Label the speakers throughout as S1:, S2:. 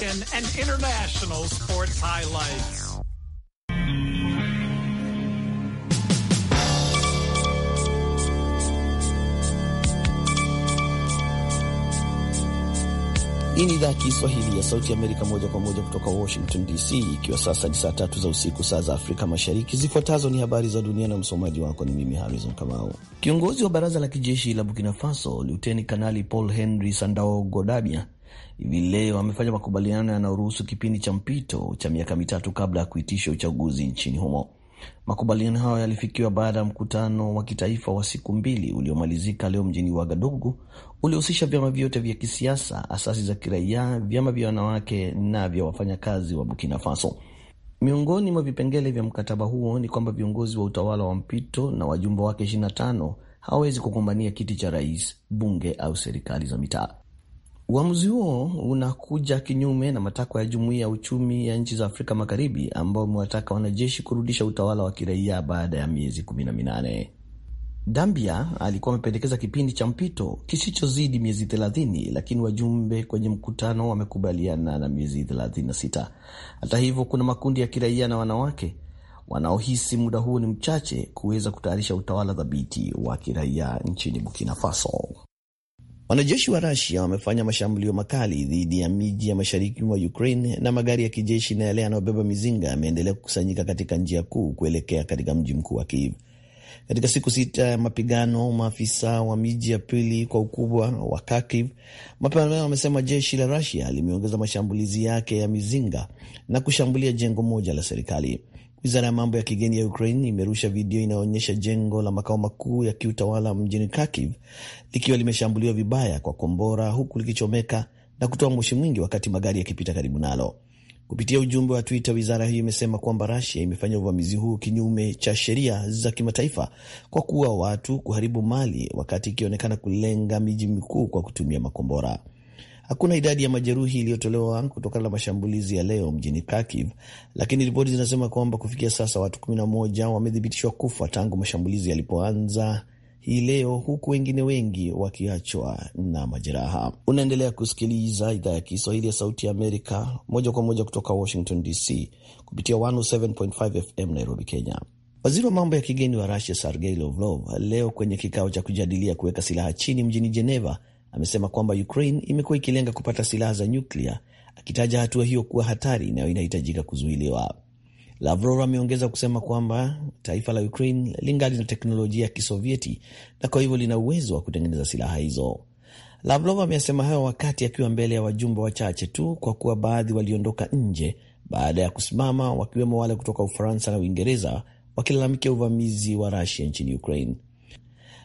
S1: American and international sports highlights.
S2: Hii ni idhaa Kiswahili ya Sauti Amerika moja kwa moja kutoka Washington DC, ikiwa sasa ni saa tatu za usiku, saa za Afrika Mashariki. Zifuatazo ni habari za dunia na msomaji wako ni mimi Harizon Kamau. Kiongozi wa baraza la kijeshi la Burkina Faso, Luteni Kanali Paul Henry Sandaogo Damiba hivi leo amefanya makubaliano yanayoruhusu kipindi cha mpito cha miaka mitatu kabla ya kuitisha uchaguzi nchini humo. Makubaliano hayo yalifikiwa baada ya mkutano wa kitaifa wa siku mbili uliomalizika leo mjini Wagadugu, uliohusisha vyama vyote vya kisiasa, asasi za kiraia, vyama vya wanawake na vya wafanyakazi wa Burkina Faso. Miongoni mwa vipengele vya mkataba huo ni kwamba viongozi wa utawala wa mpito na wajumbe wake 25 hawawezi kugombania kiti cha rais, bunge au serikali za mitaa. Uamuzi huo unakuja kinyume na matakwa ya Jumuiya ya Uchumi ya Nchi za Afrika Magharibi, ambao umewataka wanajeshi kurudisha utawala wa kiraia baada ya miezi 18. dambia alikuwa amependekeza kipindi cha mpito kisichozidi miezi 30, lakini wajumbe kwenye mkutano wamekubaliana na miezi 36. Hata hivyo, kuna makundi ya kiraia na wanawake wanaohisi muda huo ni mchache kuweza kutayarisha utawala thabiti wa kiraia nchini Burkina Faso. Wanajeshi wa Rusia wamefanya mashambulio makali dhidi ya miji ya mashariki mwa Ukraine na magari ya kijeshi na yale yanayobeba mizinga yameendelea kukusanyika katika njia kuu kuelekea katika mji mkuu wa Kiev. Katika siku sita ya mapigano, maafisa wa miji ya pili kwa ukubwa wa Kharkiv mapema leo wamesema jeshi la Rusia limeongeza mashambulizi yake ya mizinga na kushambulia jengo moja la serikali. Wizara ya mambo ya kigeni ya Ukraine imerusha video inayoonyesha jengo la makao makuu ya kiutawala mjini Kharkiv likiwa limeshambuliwa vibaya kwa kombora huku likichomeka na kutoa moshi mwingi wakati magari yakipita karibu nalo. Kupitia ujumbe wa Twitter, wizara hiyo imesema kwamba rasia imefanya uvamizi huu kinyume cha sheria za kimataifa kwa kuua watu, kuharibu mali, wakati ikionekana kulenga miji mikuu kwa kutumia makombora. Hakuna idadi ya majeruhi iliyotolewa kutokana na mashambulizi ya leo mjini Kharkiv, lakini ripoti zinasema kwamba kufikia sasa watu 11 wamethibitishwa kufa tangu mashambulizi yalipoanza hii leo, huku wengine wengi wakiachwa na majeraha. Unaendelea kusikiliza idhaa ya Kiswahili ya Sauti ya Amerika moja kwa moja kutoka Washington DC kupitia 107.5 FM Nairobi, Kenya. Waziri wa mambo ya kigeni wa Rusia Sergei Lavrov leo kwenye kikao cha kujadilia kuweka silaha chini mjini Jeneva amesema kwamba Ukraine imekuwa ikilenga kupata silaha za nyuklia, akitaja hatua hiyo kuwa hatari nayo inahitajika kuzuiliwa. Lavrov ameongeza kusema kwamba taifa la Ukraine lingali na teknolojia ya Kisovieti na kwa hivyo lina uwezo wa kutengeneza silaha hizo. Lavrov ameasema hayo wakati akiwa mbele ya wajumbe wachache tu, kwa kuwa baadhi waliondoka nje baada ya kusimama, wakiwemo wale kutoka Ufaransa na Uingereza wakilalamikia uvamizi wa Rusia nchini Ukraine.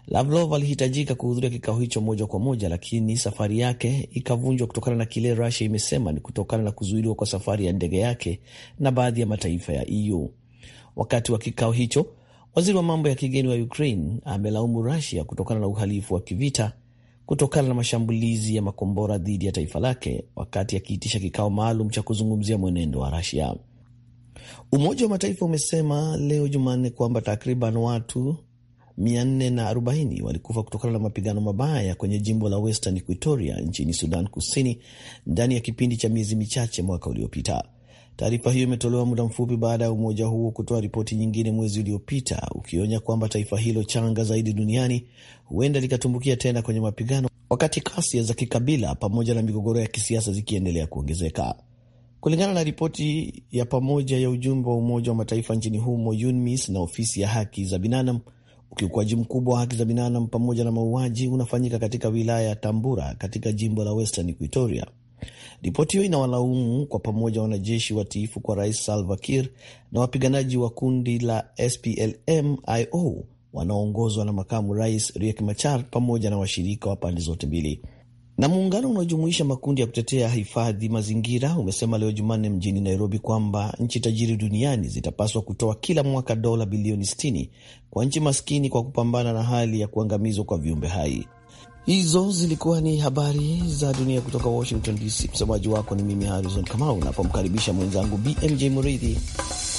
S2: Lavrov alihitajika kuhudhuria kikao hicho moja kwa moja, lakini safari yake ikavunjwa kutokana na kile Rusia imesema ni kutokana na kuzuiliwa kwa safari ya ndege yake na baadhi ya mataifa ya EU. Wakati wa kikao hicho, waziri wa mambo ya kigeni wa Ukraine amelaumu Rusia kutokana na uhalifu wa kivita kutokana na mashambulizi ya makombora dhidi ya taifa lake, wakati akiitisha kikao maalum cha kuzungumzia mwenendo wa Rusia. Umoja wa Mataifa umesema leo Jumanne kwamba takriban watu 440 walikufa kutokana na mapigano mabaya kwenye jimbo la Western Equatoria nchini Sudan Kusini ndani ya kipindi cha miezi michache mwaka uliopita. Taarifa hiyo imetolewa muda mfupi baada ya umoja huo kutoa ripoti nyingine mwezi uliopita ukionya kwamba taifa hilo changa zaidi duniani huenda likatumbukia tena kwenye mapigano, wakati kasia za kikabila pamoja na migogoro ya kisiasa zikiendelea kuongezeka. Kulingana na ripoti ya pamoja ya ujumbe wa Umoja wa Mataifa nchini humo, UNMISS na ofisi ya haki za binadamu Ukiukwaji mkubwa wa haki za binadamu pamoja na mauaji unafanyika katika wilaya ya Tambura katika jimbo la Western Equatoria. Ripoti hiyo inawalaumu kwa pamoja wanajeshi watiifu kwa Rais Salva Kiir na wapiganaji wa kundi la SPLM-IO wanaoongozwa na makamu rais Riek Machar pamoja na washirika wa pande zote mbili. Na muungano unaojumuisha makundi ya kutetea hifadhi mazingira umesema leo Jumanne mjini Nairobi kwamba nchi tajiri duniani zitapaswa kutoa kila mwaka dola bilioni 60 kwa nchi maskini kwa kupambana na hali ya kuangamizwa kwa viumbe hai. Hizo zilikuwa ni habari za dunia kutoka Washington DC. Msemaji wako ni mimi Harrison Kamau, napomkaribisha mwenzangu BMJ mridhi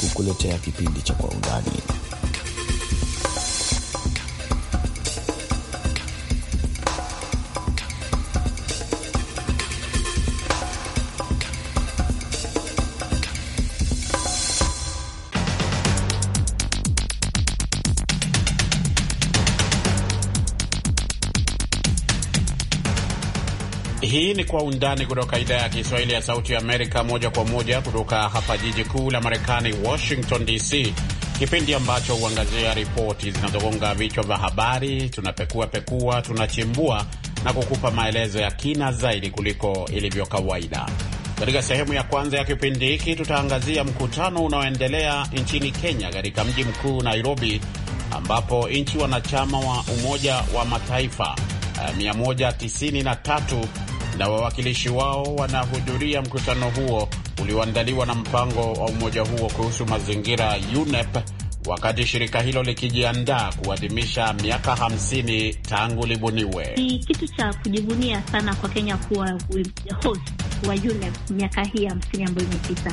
S2: kukuletea kipindi cha Kwa Undani.
S3: Hii ni Kwa Undani kutoka idhaa ya Kiswahili ya Sauti ya Amerika, moja kwa moja kutoka hapa jiji kuu la Marekani, Washington DC, kipindi ambacho huangazia ripoti zinazogonga vichwa vya habari. Tunapekua pekua, tunachimbua na kukupa maelezo ya kina zaidi kuliko ilivyo kawaida. Katika sehemu ya kwanza ya kipindi hiki, tutaangazia mkutano unaoendelea nchini Kenya, katika mji mkuu Nairobi, ambapo nchi wanachama wa Umoja wa Mataifa 193 eh, na wawakilishi wao wanahudhuria mkutano huo ulioandaliwa na mpango wa umoja huo kuhusu mazingira UNEP wakati shirika hilo likijiandaa kuadhimisha miaka hamsini tangu libuniwe.
S1: Ni kitu cha kujivunia sana kwa Kenya kuwa host wa UNEP miaka hii hamsini ambayo imepita.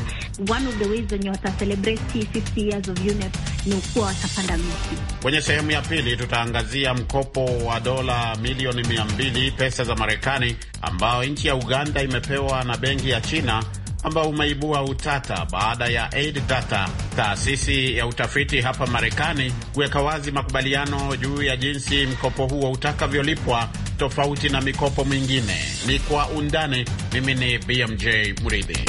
S1: One of the ways wenye watacelebrate celebrate 50 years of UNEP ni ukuwa watapanda miti.
S3: Kwenye sehemu ya pili tutaangazia mkopo wa dola milioni mia mbili pesa za Marekani ambao nchi ya Uganda imepewa na benki ya China ambao umeibua utata baada ya Aid Data, taasisi ya utafiti hapa Marekani, kuweka wazi makubaliano juu ya jinsi mkopo huo utakavyolipwa tofauti na mikopo mingine. Ni kwa undani. Mimi ni BMJ mridhi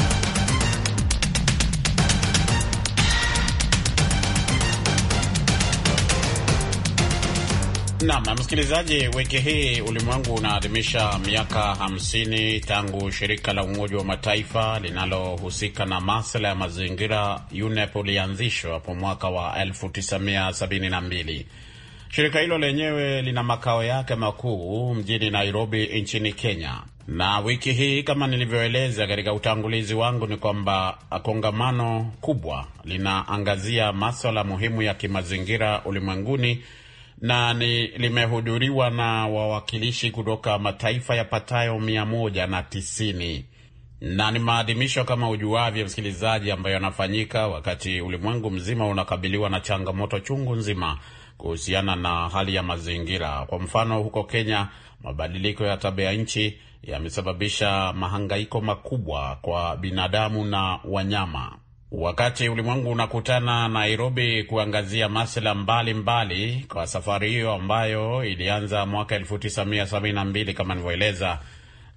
S3: Naam msikilizaji, wiki hii ulimwengu unaadhimisha miaka hamsini tangu shirika la Umoja wa Mataifa linalohusika na masuala ya mazingira UNEP ulianzishwa hapo mwaka wa 1972. Shirika hilo lenyewe lina makao yake makuu mjini Nairobi nchini Kenya, na wiki hii kama nilivyoeleza katika utangulizi wangu ni kwamba kongamano kubwa linaangazia maswala muhimu ya kimazingira ulimwenguni na ni limehudhuriwa na wawakilishi kutoka mataifa yapatayo mia moja na tisini na ni maadhimisho kama ujuavyo, msikilizaji, ambayo yanafanyika wakati ulimwengu mzima unakabiliwa na changamoto chungu nzima kuhusiana na hali ya mazingira. Kwa mfano, huko Kenya mabadiliko ya tabia nchi yamesababisha mahangaiko makubwa kwa binadamu na wanyama. Wakati ulimwengu unakutana Nairobi kuangazia masuala mbalimbali kwa safari hiyo ambayo ilianza mwaka 1972 kama nilivyoeleza,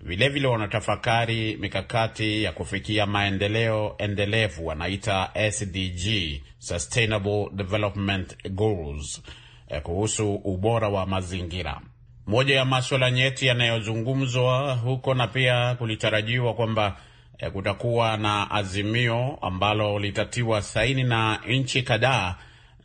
S3: vilevile wanatafakari mikakati ya kufikia maendeleo endelevu wanaita SDG, Sustainable Development Goals, eh, kuhusu ubora wa mazingira. Moja ya maswala nyeti yanayozungumzwa huko na pia kulitarajiwa kwamba Eh, kutakuwa na azimio ambalo litatiwa saini na nchi kadhaa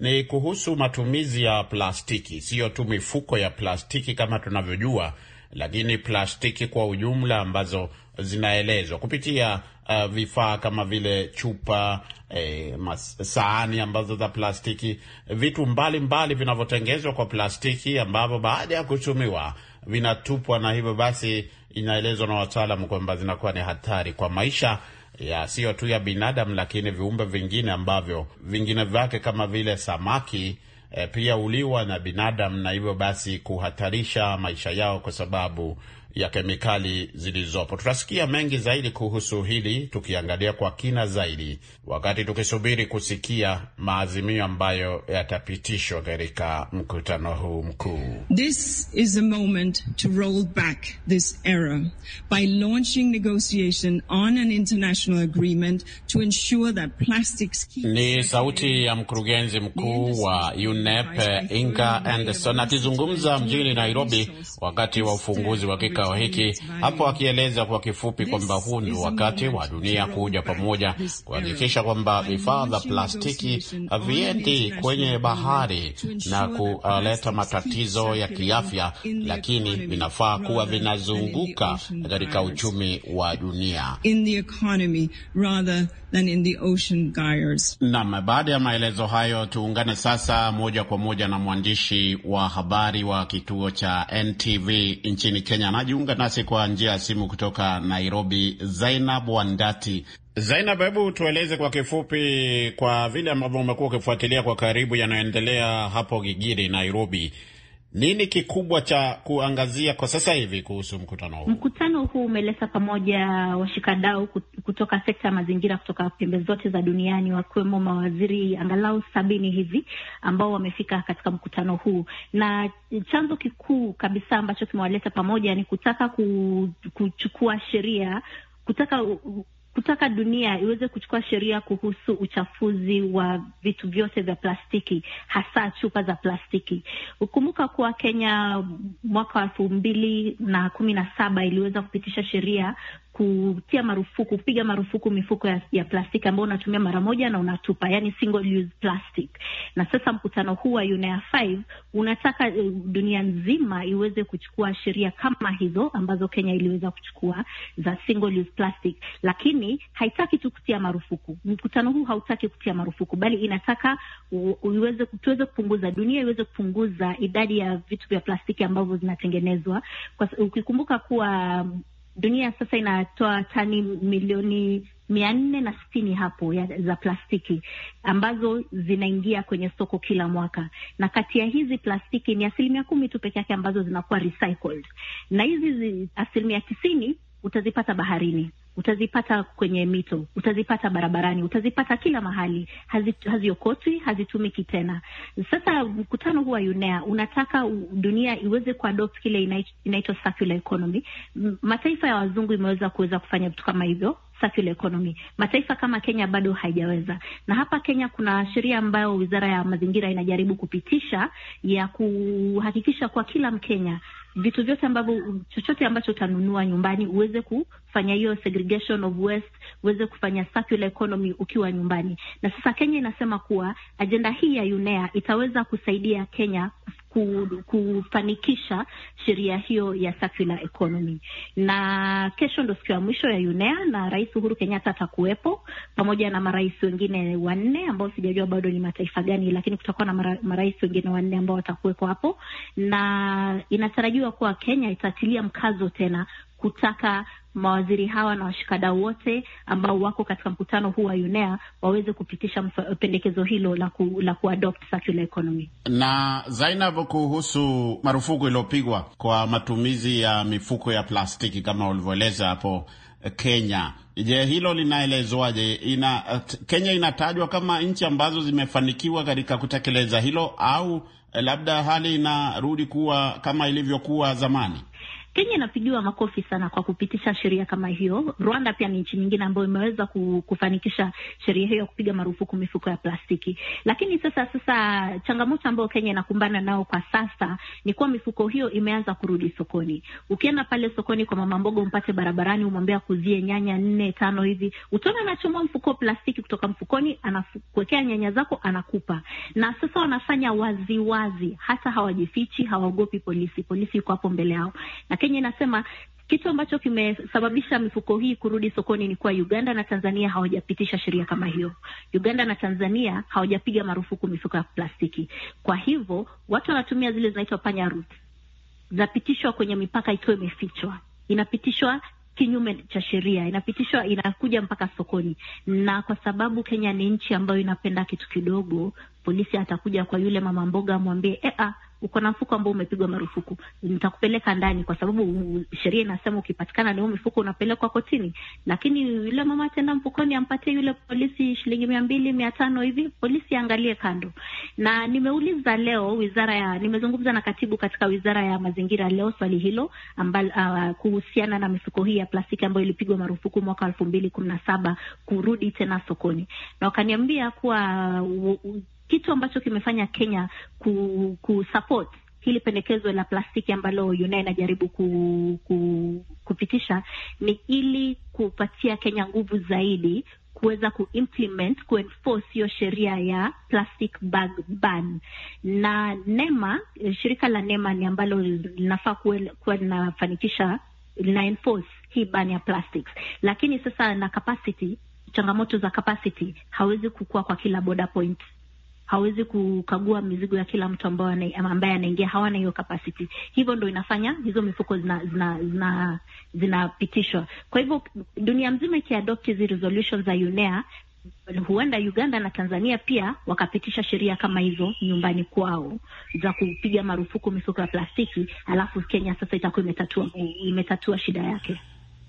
S3: ni kuhusu matumizi ya plastiki, siyo tu mifuko ya plastiki kama tunavyojua, lakini plastiki kwa ujumla ambazo zinaelezwa kupitia uh, vifaa kama vile chupa eh, sahani ambazo za plastiki, vitu mbalimbali vinavyotengenezwa kwa plastiki ambavyo baada ya kutumiwa vinatupwa, na hivyo basi inaelezwa na wataalamu kwamba zinakuwa ni hatari kwa maisha ya sio tu ya binadamu, lakini viumbe vingine ambavyo vingine vyake kama vile samaki e, pia uliwa na binadamu, na hivyo basi kuhatarisha maisha yao kwa sababu ya kemikali zilizopo. Tutasikia mengi zaidi kuhusu hili tukiangalia kwa kina zaidi wakati tukisubiri kusikia maazimio ambayo yatapitishwa katika mkutano huu mkuu. This is a moment to roll back this error by launching negotiation on an international agreement to ensure that plastics keep... Ni sauti ya mkurugenzi mkuu wa UNEP Inga Anderson akizungumza mjini Nairobi wakati wa ufunguzi wa kika kikao hiki hapo akieleza kwa kifupi kwamba huu ni wakati wa dunia kuja pamoja kuhakikisha kwamba vifaa vya plastiki haviendi kwenye bahari na kuleta matatizo ya kiafya, lakini vinafaa kuwa vinazunguka katika uchumi wa dunia than in the ocean gyres. Naam, baada ya maelezo hayo tuungane sasa moja kwa moja na mwandishi wa habari wa kituo cha NTV nchini Kenya. Anajiunga nasi kwa njia ya simu kutoka Nairobi, Zainab Wandati. Zainab, hebu tueleze kwa kifupi, kwa vile ambavyo umekuwa ukifuatilia kwa karibu yanayoendelea hapo Gigiri, Nairobi, nini kikubwa cha kuangazia kwa sasa hivi kuhusu mkutano huu?
S1: Mkutano huu umeleta pamoja washikadau kutoka sekta ya mazingira kutoka pembe zote za duniani, wakiwemo mawaziri angalau sabini hivi ambao wamefika katika mkutano huu, na chanzo kikuu kabisa ambacho kimewaleta pamoja ni kutaka kuchukua sheria kutaka kutaka dunia iweze kuchukua sheria kuhusu uchafuzi wa vitu vyote vya plastiki, hasa chupa za plastiki. Ukumbuka kuwa Kenya mwaka wa elfu mbili na kumi na saba iliweza kupitisha sheria kutia marufuku, kupiga marufuku mifuko ya, ya plastiki ambayo unatumia mara moja na unatupa, yani single use plastic. Na sasa mkutano huu wa UNEA 5 unataka eh, dunia nzima iweze kuchukua sheria kama hizo ambazo Kenya iliweza kuchukua za single use plastic, lakini haitaki tu kutia marufuku. Mkutano huu hautaki kutia marufuku, bali inataka uiweze, tuweze kupunguza, dunia iweze kupunguza idadi ya vitu vya plastiki ambavyo zinatengenezwa, ukikumbuka kuwa dunia sasa inatoa tani milioni mia nne na sitini hapo ya, za plastiki ambazo zinaingia kwenye soko kila mwaka, na kati ya hizi plastiki ni asilimia kumi tu peke yake ambazo zinakuwa recycled, na hizi asilimia tisini utazipata baharini utazipata kwenye mito, utazipata barabarani, utazipata kila mahali. Haziokotwi, hazi hazitumiki tena. Sasa mkutano huu wa UNEA unataka dunia iweze kuadopt kile inaitwa circular economy. Mataifa ya wazungu imeweza kuweza kufanya vitu kama hivyo circular economy. Mataifa kama Kenya bado haijaweza, na hapa Kenya kuna sheria ambayo wizara ya mazingira inajaribu kupitisha ya kuhakikisha kwa kila Mkenya vitu vyote ambavyo chochote ambacho utanunua nyumbani uweze ku fanya hiyo segregation of waste, uweze kufanya circular economy ukiwa nyumbani. Na sasa Kenya inasema kuwa ajenda hii ya UNEA itaweza kusaidia Kenya kufanikisha sheria hiyo ya circular economy. Na kesho ndo siku ya mwisho ya UNEA na Rais Uhuru Kenyatta atakuwepo pamoja na marais wengine wanne ambao sijajua bado ni mataifa gani, lakini kutakuwa na marais wengine wanne ambao watakuwepo hapo, na inatarajiwa kuwa Kenya itatilia mkazo tena kutaka mawaziri hawa na washikadau wote ambao wako katika mkutano huu wa UNEA waweze kupitisha pendekezo hilo la, ku, la kuadopt circular economy.
S3: Na Zainab, kuhusu marufuku iliyopigwa kwa matumizi ya mifuko ya plastiki kama ulivyoeleza hapo eh, Kenya, je, hilo linaelezwaje? Ina, Kenya inatajwa kama nchi ambazo zimefanikiwa katika kutekeleza hilo au eh, labda hali inarudi kuwa kama ilivyokuwa zamani?
S1: Kenya inapigiwa makofi sana kwa kupitisha sheria kama hiyo. Rwanda pia ni nchi nyingine ambayo imeweza kufanikisha sheria hiyo ya kupiga marufuku mifuko ya plastiki. Lakini sasa sasa changamoto ambayo Kenya inakumbana nao kwa sasa ni kuwa mifuko hiyo imeanza kurudi sokoni. Ukienda pale sokoni kwa mama mboga umpate barabarani umwambie akuzie nyanya nne tano hivi, utaona anachomwa mfuko plastiki kutoka mfukoni, anakuwekea nyanya zako, anakupa. Na sasa wanafanya waziwazi, hata hawajifichi, hawaogopi polisi. Polisi yuko hapo mbele yao na Kenya inasema kitu ambacho kimesababisha mifuko hii kurudi sokoni ni kuwa Uganda na Tanzania hawajapitisha sheria kama hiyo. Uganda na Tanzania hawajapiga marufuku mifuko ya plastiki, kwa hivyo watu wanatumia zile zinaitwa panya root, zapitishwa kwenye mipaka ikiwa imefichwa, inapitishwa kinyume cha sheria, inapitishwa inakuja mpaka sokoni. Na kwa sababu Kenya ni nchi ambayo inapenda kitu kidogo, polisi atakuja kwa yule mama mboga amwambie, eh, ah, uko na mfuko ambao umepigwa marufuku, nitakupeleka ndani, kwa sababu sheria inasema ukipatikana na mfuko unapelekwa kotini. Lakini yule mama atenda mfukoni, ampatie yule polisi shilingi mia mbili mia tano hivi, polisi angalie kando. Na nimeuliza leo wizara ya, nimezungumza na katibu katika wizara ya mazingira leo swali hilo ambalo, uh, ah, kuhusiana na mifuko hii ya plastiki ambayo ilipigwa marufuku mwaka elfu mbili kumi na saba kurudi tena sokoni, na wakaniambia kuwa uh, uh, kitu ambacho kimefanya Kenya ku, hili pendekezo la plastiki ambalo UNEA inajaribu ku, ku, kupitisha ni ili kupatia Kenya nguvu zaidi kuweza kuimplement kuenforce hiyo sheria ya plastic bag ban. Na NEMA, shirika la NEMA ni ambalo linafaa kuwa linafanikisha linaenforce hii ban ya plastics, lakini sasa na capacity, changamoto za capacity hawezi kukua kwa kila border point hawezi kukagua mizigo ya kila mtu ambaye anaingia, hawana hiyo capacity. Hivyo ndo inafanya hizo mifuko zinapitishwa zina, zina, Kwa hivyo dunia mzima ikiadopt hizi resolutions za UNEA huenda Uganda na Tanzania pia wakapitisha sheria kama hizo nyumbani kwao za kupiga marufuku mifuko ya plastiki, alafu Kenya sasa itakuwa imetatua, imetatua shida yake.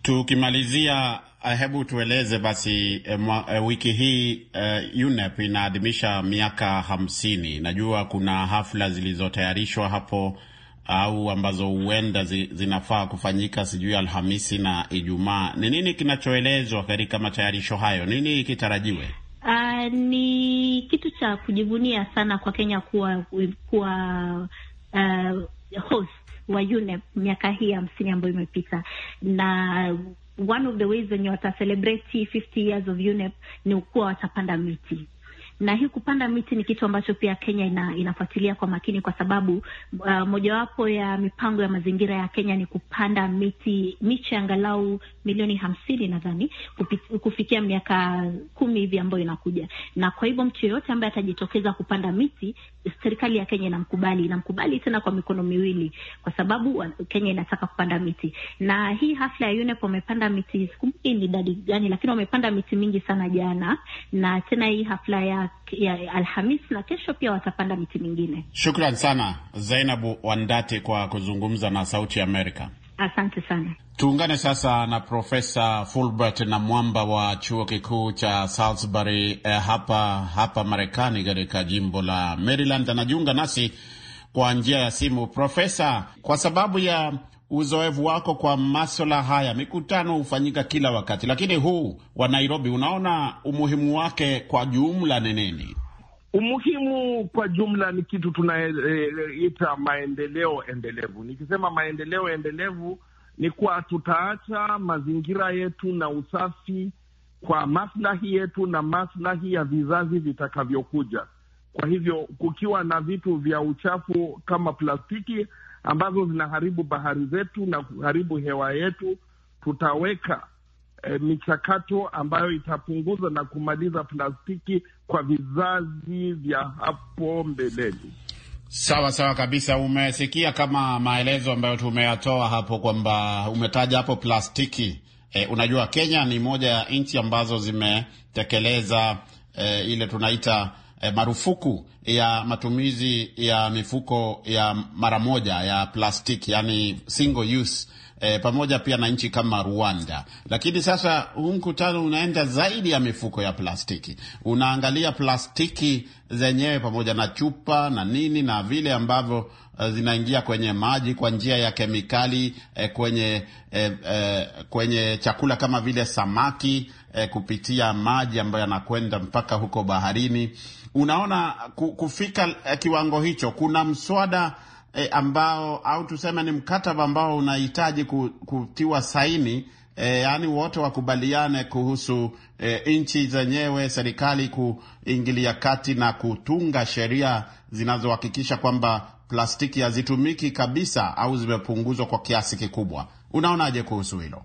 S3: Tukimalizia, eh, hebu tueleze basi e, mwa, e, wiki hii e, UNEP inaadhimisha miaka hamsini. Najua kuna hafla zilizotayarishwa hapo au ambazo huenda zi, zinafaa kufanyika sijui Alhamisi na Ijumaa. Ni nini kinachoelezwa katika matayarisho hayo? Nini kitarajiwe?
S1: Uh, ni kitu cha kujivunia sana kwa Kenya kuwa kuwa uh, host wa UNEP miaka hii hamsini ambayo imepita na one of the ways wenye watacelebrate 50 years of UNEP ni kuwa watapanda miti na hii kupanda miti ni kitu ambacho pia Kenya ina, inafuatilia kwa makini kwa sababu uh, mojawapo ya mipango ya mazingira ya Kenya ni kupanda miti miche angalau milioni hamsini nadhani kufikia miaka kumi hivi ambayo inakuja, na kwa hivyo mtu yoyote ambaye atajitokeza kupanda miti, serikali ya Kenya inamkubali, inamkubali tena kwa mikono miwili, kwa sababu Kenya inataka kupanda miti. Na hii hafla ya UNEP wamepanda miti, sikumbuki ni idadi gani, lakini wamepanda miti mingi sana jana, na tena hii hafla ya, ya Alhamis na kesho pia watapanda miti mingine.
S3: Shukran sana Zainabu Wandati kwa kuzungumza na Sauti ya Amerika.
S1: Asante sana.
S3: Tuungane sasa na Profesa Fulbert na Mwamba wa chuo kikuu cha Salisbury eh, hapa hapa Marekani, katika jimbo la Maryland. Anajiunga nasi kwa njia ya simu. Profesa, kwa sababu ya uzoefu wako kwa maswala haya, mikutano hufanyika kila wakati, lakini huu wa Nairobi, unaona umuhimu wake kwa jumla ni nini?
S4: Umuhimu kwa jumla ni kitu tunaita maendeleo endelevu. Nikisema maendeleo endelevu ni kuwa tutaacha mazingira yetu na usafi kwa maslahi yetu na maslahi ya vizazi vitakavyokuja. Kwa hivyo kukiwa na vitu vya uchafu kama plastiki ambazo zinaharibu bahari zetu na kuharibu hewa yetu, tutaweka e, michakato ambayo itapunguza na kumaliza plastiki kwa vizazi vya hapo mbeleni.
S3: Sawa sawa kabisa. Umesikia kama maelezo ambayo tumeyatoa hapo kwamba umetaja hapo plastiki. E, unajua Kenya ni moja ya nchi ambazo zimetekeleza e, ile tunaita e, marufuku ya matumizi ya mifuko ya mara moja ya plastiki, yani single use e, pamoja pia na nchi kama Rwanda. Lakini sasa huu mkutano unaenda zaidi ya mifuko ya plastiki, unaangalia plastiki zenyewe pamoja na chupa na nini na vile ambavyo e, zinaingia kwenye maji kwa njia ya kemikali e, kwenye e, e, kwenye chakula kama vile samaki e, kupitia maji ambayo yanakwenda mpaka huko baharini. Unaona kufika e, kiwango hicho, kuna mswada e, ambao au tuseme ni mkataba ambao unahitaji kutiwa saini e, yaani wote wakubaliane kuhusu e, nchi zenyewe, serikali kuingilia kati na kutunga sheria zinazohakikisha kwamba plastiki hazitumiki kabisa au zimepunguzwa kwa kiasi kikubwa. Unaonaje kuhusu hilo?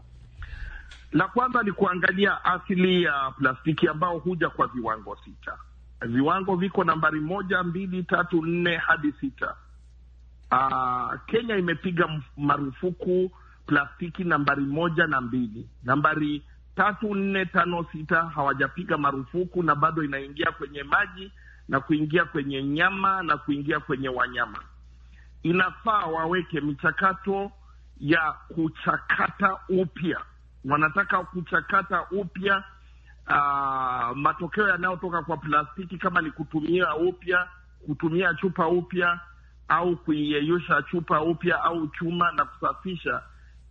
S4: La kwanza ni kuangalia asili ya plastiki ambao huja kwa viwango sita. Viwango viko nambari moja, mbili, tatu, nne hadi sita uh, Kenya imepiga marufuku plastiki nambari moja na mbili. Nambari tatu, nne, tano, sita hawajapiga marufuku, na bado inaingia kwenye maji na kuingia kwenye nyama na kuingia kwenye wanyama. Inafaa waweke michakato ya kuchakata upya, wanataka kuchakata upya uh, matokeo yanayotoka kwa plastiki, kama ni kutumia upya, kutumia chupa upya au kuiyeyusha chupa upya au chuma na kusafisha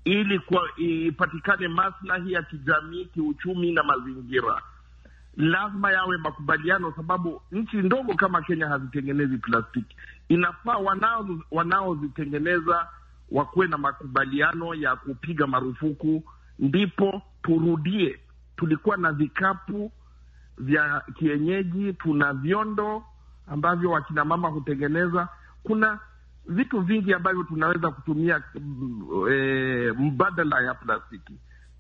S4: ili kwa ipatikane maslahi ya kijamii, kiuchumi na mazingira. Lazima yawe makubaliano, sababu nchi ndogo kama Kenya hazitengenezi plastiki. Inafaa wanaozitengeneza wanao wakuwe na makubaliano ya kupiga marufuku, ndipo turudie. Tulikuwa na vikapu vya kienyeji, tuna vyondo ambavyo wakinamama hutengeneza kuna vitu vingi ambavyo tunaweza kutumia e, mbadala ya plastiki.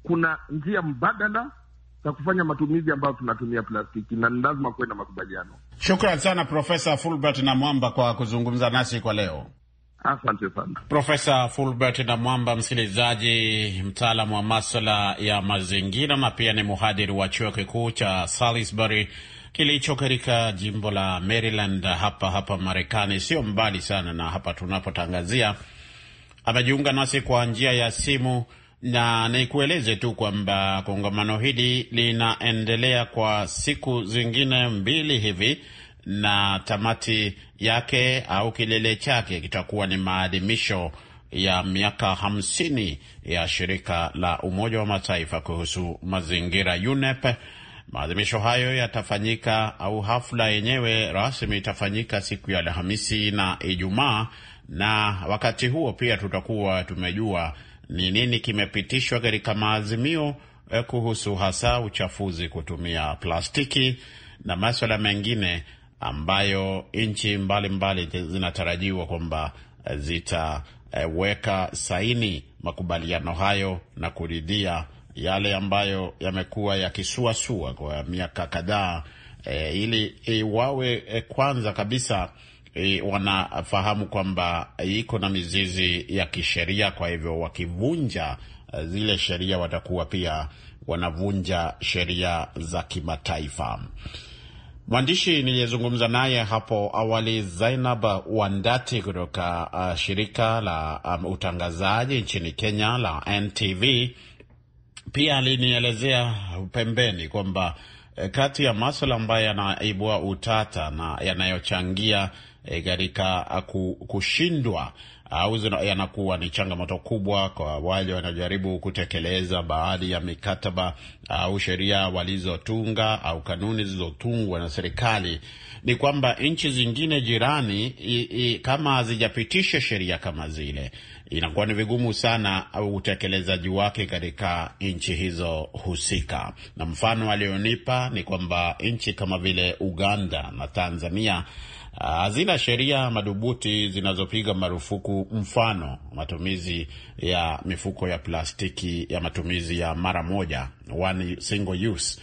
S4: Kuna njia mbadala za kufanya matumizi ambayo tunatumia plastiki na ni lazima kuwe na makubaliano.
S3: Shukran sana Profesa Fulbert na Mwamba kwa kuzungumza nasi kwa leo.
S4: Asante sana
S3: Profesa Fulbert na Mwamba, msikilizaji, mtaalamu wa maswala ya mazingira na pia ni mhadhiri wa chuo kikuu cha Salisbury kilicho katika jimbo la Maryland hapa hapa Marekani, sio mbali sana na hapa tunapotangazia. Amejiunga nasi kwa njia ya simu, na nikueleze tu kwamba kongamano hili linaendelea kwa siku zingine mbili hivi na tamati yake au kilele chake kitakuwa ni maadhimisho ya miaka hamsini ya shirika la Umoja wa Mataifa kuhusu mazingira UNEP Maadhimisho hayo yatafanyika au hafla yenyewe rasmi itafanyika siku ya Alhamisi na Ijumaa, na wakati huo pia tutakuwa tumejua ni nini kimepitishwa katika maazimio eh, kuhusu hasa uchafuzi kutumia plastiki na maswala mengine ambayo nchi mbalimbali zinatarajiwa kwamba eh, zitaweka saini makubaliano hayo na kuridhia yale ambayo yamekuwa yakisuasua kwa miaka kadhaa e, ili e, wawe e, kwanza kabisa e, wanafahamu kwamba iko na mizizi ya kisheria. Kwa hivyo wakivunja e, zile sheria watakuwa pia wanavunja sheria za kimataifa. Mwandishi niliyezungumza naye hapo awali Zainab Wandati kutoka uh, shirika la um, utangazaji nchini Kenya la NTV pia alinielezea pembeni kwamba eh, kati ya maswala ambayo yanaibua utata na yanayochangia eh, katika e, kushindwa au yanakuwa ni changamoto kubwa kwa wale wanaojaribu kutekeleza baadhi ya mikataba au sheria walizotunga au kanuni zilizotungwa na serikali ni kwamba nchi zingine jirani i, i, kama hazijapitisha sheria kama zile inakuwa ni vigumu sana utekelezaji wake katika nchi hizo husika. Na mfano alionipa ni kwamba nchi kama vile Uganda na Tanzania ah, hazina sheria madhubuti zinazopiga marufuku mfano matumizi ya mifuko ya plastiki ya matumizi ya mara moja, one single use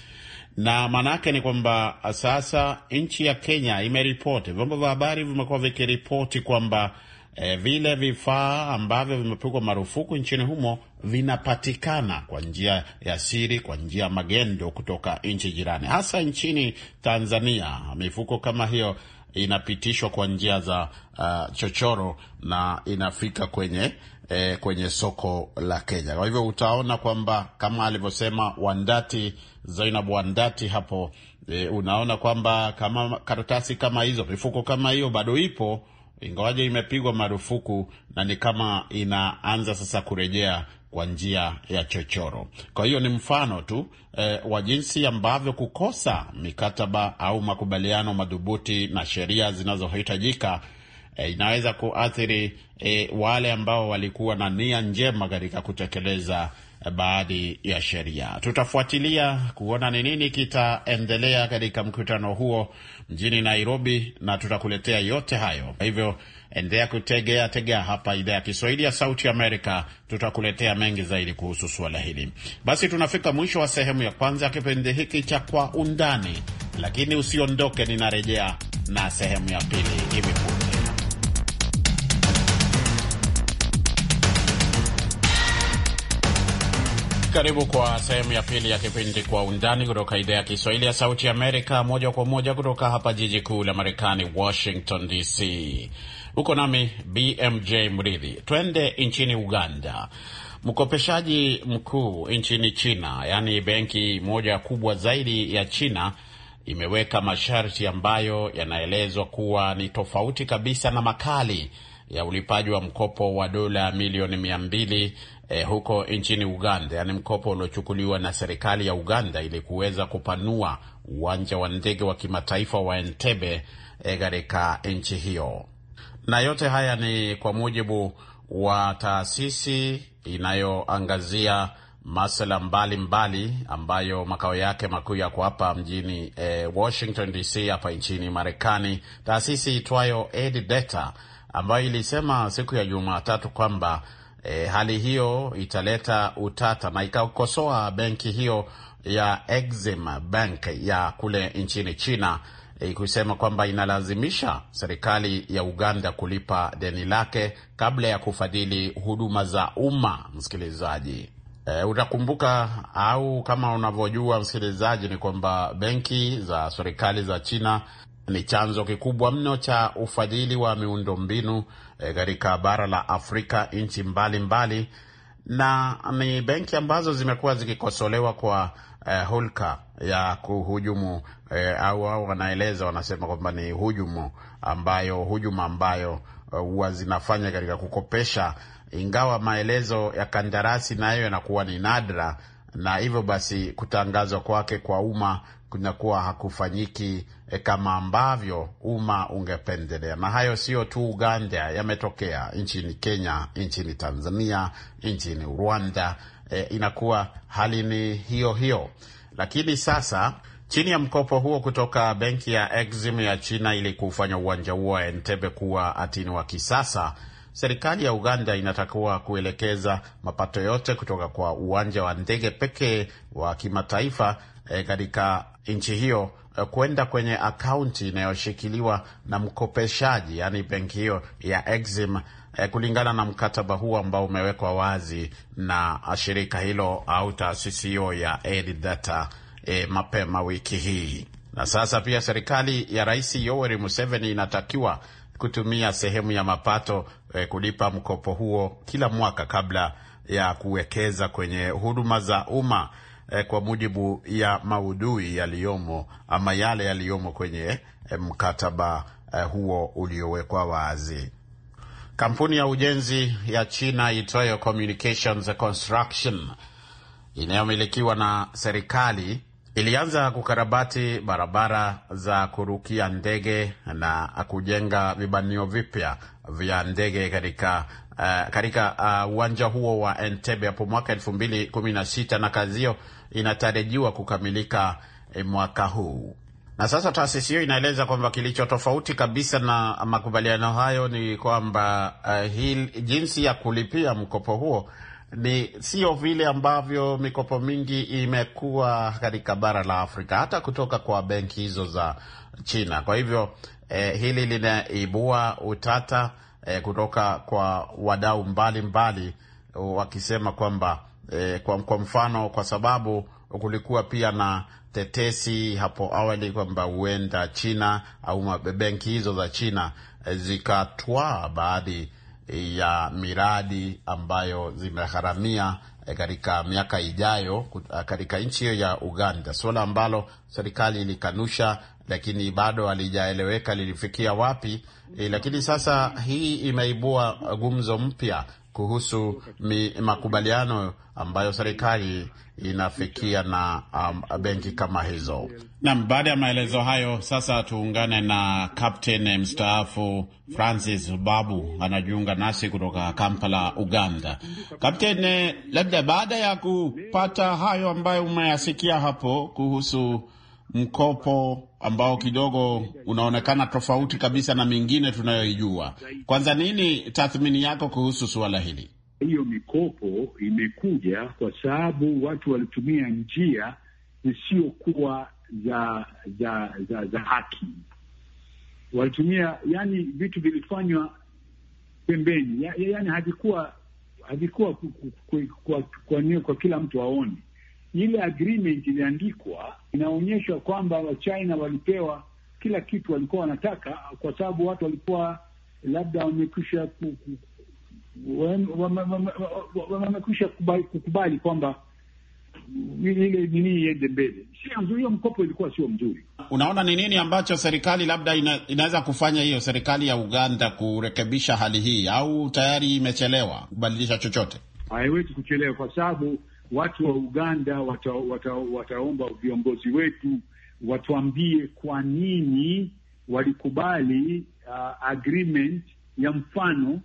S3: na maana yake ni kwamba uh, sasa nchi ya Kenya imeripoti, vyombo vya habari vimekuwa vikiripoti kwamba e, vile vifaa ambavyo vimepigwa marufuku nchini humo vinapatikana kwa njia ya siri, kwa njia ya magendo kutoka nchi jirani, hasa nchini Tanzania. Mifuko kama hiyo inapitishwa kwa njia za uh, chochoro na inafika kwenye e, kwenye soko la Kenya. Kwa hivyo utaona kwamba kama alivyosema Wandati, Zainab Wandati hapo e, unaona kwamba kama karatasi kama hizo, mifuko kama hiyo bado ipo ingawaje imepigwa marufuku na ni kama inaanza sasa kurejea kwa njia ya chochoro. Kwa hiyo ni mfano tu e, wa jinsi ambavyo kukosa mikataba au makubaliano madhubuti na sheria zinazohitajika e, inaweza kuathiri e, wale ambao walikuwa na nia njema katika kutekeleza eh, baadhi ya sheria. Tutafuatilia kuona ni nini kitaendelea katika mkutano huo mjini Nairobi, na tutakuletea yote hayo. Kwa hivyo endea kutegea tegea hapa idhaa ya Kiswahili ya Sauti Amerika, tutakuletea mengi zaidi kuhusu suala hili. Basi tunafika mwisho wa sehemu ya kwanza ya kipindi hiki cha Kwa Undani, lakini usiondoke, ninarejea na sehemu ya pili hivi punde. Karibu kwa sehemu ya pili ya kipindi Kwa Undani kutoka idhaa ya Kiswahili ya Sauti Amerika, moja kwa moja kutoka hapa jiji kuu la Marekani, Washington DC. huko nami BMJ Mridhi. Twende nchini Uganda. Mkopeshaji mkuu nchini China, yaani benki moja kubwa zaidi ya China, imeweka masharti ambayo yanaelezwa kuwa ni tofauti kabisa na makali ya ulipaji wa mkopo wa dola milioni mia mbili eh, huko nchini Uganda, yaani mkopo uliochukuliwa na serikali ya Uganda ili kuweza kupanua uwanja wa ndege wa kimataifa wa Entebbe eh, katika eh, nchi hiyo. Na yote haya ni kwa mujibu wa taasisi inayoangazia masuala mbalimbali ambayo makao yake makuu yako hapa mjini eh, Washington DC, hapa nchini Marekani, taasisi itwayo Ed Data ambayo ilisema siku ya Jumatatu kwamba e, hali hiyo italeta utata na ikakosoa benki hiyo ya Exim Bank ya kule nchini China eh, ikusema kwamba inalazimisha serikali ya Uganda kulipa deni lake kabla ya kufadhili huduma za umma. Msikilizaji, e, utakumbuka au kama unavyojua msikilizaji, ni kwamba benki za serikali za China ni chanzo kikubwa mno cha ufadhili wa miundombinu eh, katika e, bara la Afrika, nchi mbalimbali, na ni benki ambazo zimekuwa zikikosolewa kwa e, hulka ya kuhujumu e, au au wanaeleza wanasema kwamba ni hujumu ambayo hujuma ambayo huwa e, zinafanya katika kukopesha, ingawa maelezo ya kandarasi nayo yanakuwa ni nadra, na hivyo basi kutangazwa kwake kwa umma kunakuwa hakufanyiki e, kama ambavyo umma ungependelea. Na hayo sio tu Uganda, yametokea nchini Kenya, nchini Tanzania, nchini Rwanda. E, inakuwa hali ni hiyo hiyo, lakini sasa chini ya mkopo huo kutoka benki ya Exim ya China ili kufanya uwanja huo wa Entebbe kuwa atini wa kisasa, serikali ya Uganda inatakiwa kuelekeza mapato yote kutoka kwa uwanja wa ndege pekee wa kimataifa e, katika nchi hiyo Eh, kwenda kwenye akaunti inayoshikiliwa na mkopeshaji, yaani benki hiyo ya Exim, eh, kulingana na mkataba huu ambao umewekwa wazi na ah, shirika hilo au taasisi hiyo ya Data e, mapema wiki hii. Na sasa pia serikali ya Rais Yoweri Museveni inatakiwa kutumia sehemu ya mapato e, kulipa mkopo huo kila mwaka kabla ya kuwekeza kwenye huduma za umma eh, kwa mujibu ya maudhui yaliyomo ama yale yaliyomo kwenye eh, mkataba eh, huo uliowekwa wazi. Kampuni ya ujenzi ya China itwayo Communications Construction inayomilikiwa na serikali ilianza kukarabati barabara za kurukia ndege na kujenga vibanio vipya vya ndege katika uh, katika eh, uwanja uh, huo wa Entebbe hapo mwaka elfu mbili kumi na sita na kazi hiyo inatarajiwa kukamilika eh, mwaka huu. Na sasa taasisi hiyo inaeleza kwamba kilicho tofauti kabisa na makubaliano hayo ni kwamba uh, jinsi ya kulipia mkopo huo ni sio vile ambavyo mikopo mingi imekuwa katika bara la Afrika, hata kutoka kwa benki hizo za China. Kwa hivyo eh, hili linaibua utata eh, kutoka kwa wadau mbalimbali eh, wakisema kwamba eh, kwa, kwa mfano kwa sababu kulikuwa pia na tetesi hapo awali kwamba huenda China au benki hizo za China eh, zikatwaa baadhi ya miradi ambayo zimegharamia Eh, katika miaka ijayo eh, katika nchi hiyo ya Uganda, suala ambalo serikali ilikanusha, lakini bado halijaeleweka lilifikia wapi. E, lakini sasa hii imeibua gumzo mpya kuhusu mi, makubaliano ambayo serikali inafikia na um, benki kama hizo. Nam, baada ya maelezo hayo, sasa tuungane na Captain mstaafu Francis Babu, anajiunga nasi kutoka Kampala, Uganda. Captain, labda baada ya kupata hayo ambayo umeyasikia hapo kuhusu mkopo ambao kidogo unaonekana tofauti kabisa na mingine tunayoijua, kwanza, nini tathmini yako kuhusu suala hili?
S5: Hiyo mikopo imekuja kwa sababu watu walitumia njia isiyokuwa za za za, za haki. Walitumia yani vitu vilifanywa pembeni, ya, yani havikuwa havikuwa kwa, kwa, kwa, kila mtu aone. Ile agreement iliandikwa inaonyesha kwamba Wachina walipewa kila kitu walikuwa wanataka, kwa sababu watu walikuwa labda wamekwisha wamekwisha kukubali kwamba ile nini iende mbele. Hiyo mkopo ilikuwa
S3: sio mzuri. Unaona, ni nini ambacho serikali labda ina, inaweza kufanya hiyo serikali ya Uganda kurekebisha hali hii, au tayari imechelewa kubadilisha chochote? Haiwezi kuchelewa
S5: kwa sababu watu wa Uganda wata, wata, wataomba viongozi wetu watuambie kwa nini walikubali uh, agreement ya mfano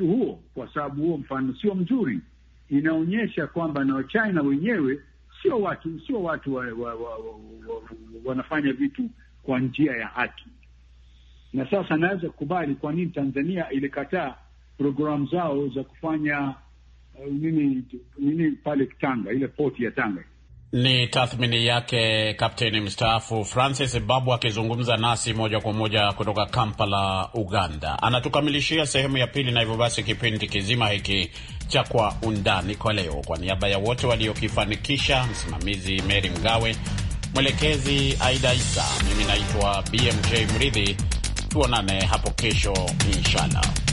S5: huo, kwa sababu huo mfano sio mzuri inaonyesha kwamba na Wachina wenyewe sio watu sio watu wa, wa, wa, wa, wa, wanafanya vitu kwa njia ya haki. Na sasa naweza kukubali kwa nini Tanzania ilikataa programu zao za kufanya uh, nini nini pale Tanga, ile poti ya Tanga
S3: ni tathmini yake kapteni mstaafu Francis Babu akizungumza nasi moja kwa moja kutoka Kampala, Uganda. Anatukamilishia sehemu ya pili, na hivyo basi kipindi kizima hiki cha Kwa Undani kwa leo, kwa niaba ya wote waliokifanikisha, msimamizi Meri Mgawe, mwelekezi Aida Isa, mimi naitwa BMJ Mridhi. Tuonane hapo kesho, inshallah.